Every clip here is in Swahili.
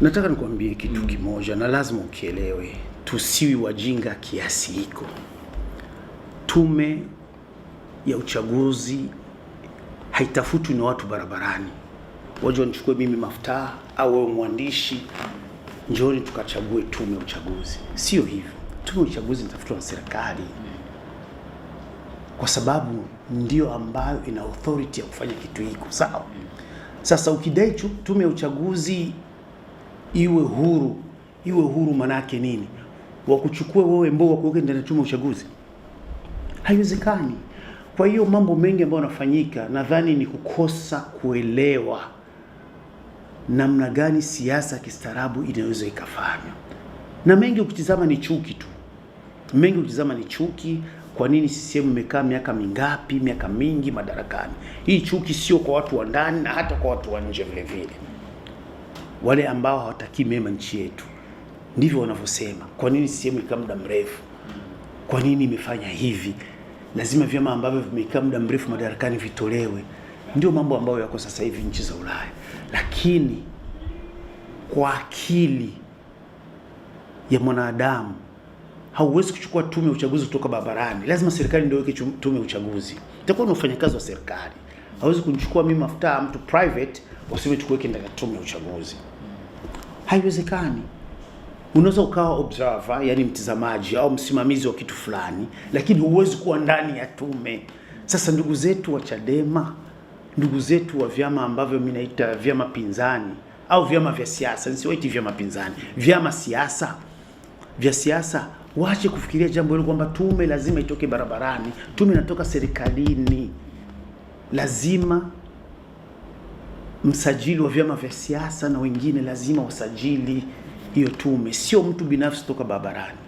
Nataka nikuambie kitu kimoja na lazima ukielewe, tusiwi wajinga kiasi hiko. Tume ya uchaguzi haitafutwi na watu barabarani, waja wanichukue mimi mafuta au wewe mwandishi, njoni tukachague tume ya uchaguzi. Sio hivyo, tume ya uchaguzi inatafutwa na serikali, kwa sababu ndio ambayo ina authority ya kufanya kitu hiko, sawa? Sasa ukidai tume ya uchaguzi iwe huru. Iwe huru manake nini? Wakuchukue wewe Mbowe wakuweke ndani ya tume ya uchaguzi? Haiwezekani. Kwa hiyo mambo mengi ambayo yanafanyika, nadhani ni kukosa kuelewa namna gani siasa ya kistaarabu inaweza ikafanywa, na mengi ukitizama ni chuki tu, mengi ukitizama ni chuki. Kwa nini CCM imekaa miaka mingapi, miaka mingi madarakani? Hii chuki sio kwa watu wa ndani na hata kwa watu wa nje vile vile wale ambao hawatakii mema nchi yetu. Ndivyo wanavyosema. Kwa nini sehemu ikaa muda mrefu? Kwa nini imefanya hivi? Lazima vyama ambavyo vimekaa muda mrefu madarakani vitolewe. Ndio mambo ambayo yako sasa hivi nchi za Ulaya, lakini kwa akili ya mwanadamu hauwezi kuchukua tume ya uchaguzi kutoka barabarani. Lazima serikali ndio iweke tume ya uchaguzi. Itakuwa ni wafanyakazi wa serikali, hawezi kunichukua mimi mafuta mtu private, waseme tukuweke ndani ya tume ya uchaguzi haiwezekani. Unaweza ukawa observer, yani mtizamaji au msimamizi wa kitu fulani, lakini huwezi kuwa ndani ya tume. Sasa ndugu zetu wa Chadema, ndugu zetu wa vyama ambavyo mimi naita vyama pinzani au vyama vya siasa, nisiwaiti vyama pinzani, vyama siasa vya siasa, waache kufikiria jambo hilo kwamba tume lazima itoke barabarani. Tume inatoka serikalini, lazima msajili wa vyama vya siasa na wengine lazima wasajili hiyo tume, sio mtu binafsi toka barabarani.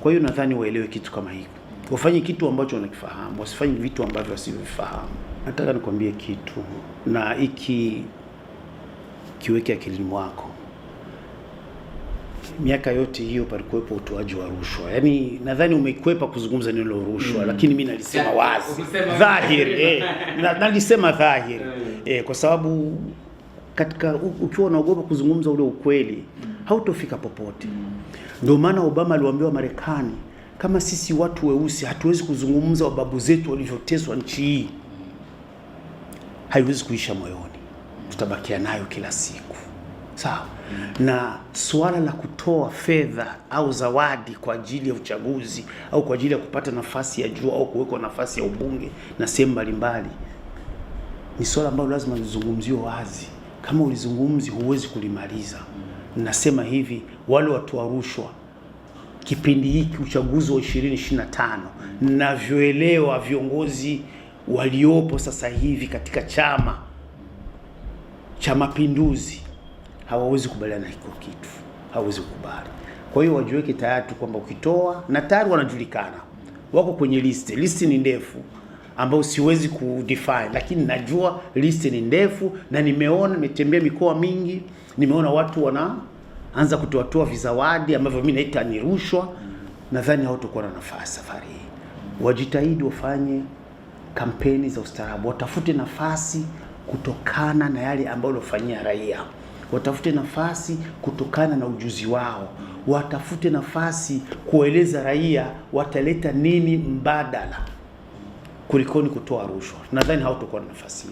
Kwa hiyo nadhani waelewe kitu kama hiko, wafanye kitu ambacho wanakifahamu, wasifanye vitu ambavyo wasivyovifahamu. Nataka nikwambie kitu na iki kiweke akilini mwako. Miaka yote hiyo palikuwepo utoaji wa rushwa, yaani nadhani umekwepa kuzungumza neno rushwa mm. Lakini mimi nalisema wazi eh. dhahiri, eh, nalisema dhahiri e, kwa sababu katika ukiwa unaogopa kuzungumza ule ukweli mm. hautofika popote mm. Ndio maana Obama aliwaambia Marekani, kama sisi watu weusi hatuwezi kuzungumza wababu zetu walivyoteswa, nchi hii haiwezi kuisha moyoni, tutabakia nayo kila siku sawa. mm. na suala la kutoa fedha au zawadi kwa ajili ya uchaguzi au kwa ajili ya kupata nafasi ya juu au kuwekwa nafasi ya ubunge na sehemu mbalimbali ni swala ambalo lazima lizungumziwe wazi. Kama ulizungumzi huwezi kulimaliza. Nasema hivi, wale watoa rushwa kipindi hiki uchaguzi wa 2025 navyoelewa viongozi waliopo sasa hivi katika Chama cha Mapinduzi hawawezi kubaliana na hiko kitu, hawawezi kukubali. Kwa hiyo wajiweke tayari kwamba ukitoa na tayari wanajulikana, wako kwenye listi, listi ni ndefu ambao siwezi kudefine, lakini najua list ni ndefu, na nimeona, nimetembea mikoa mingi, nimeona watu wanaanza kutoatoa vizawadi ambavyo mimi naita ni rushwa. Nadhani hawatakuwa na nafasi safari hii. Wajitahidi wafanye kampeni za ustaarabu, watafute nafasi kutokana na yale ambayo waliofanyia raia, watafute nafasi kutokana na ujuzi wao, watafute nafasi kueleza raia wataleta nini mbadala kulikoni kutoa rushwa. Nadhani hautokuwa na nafasi.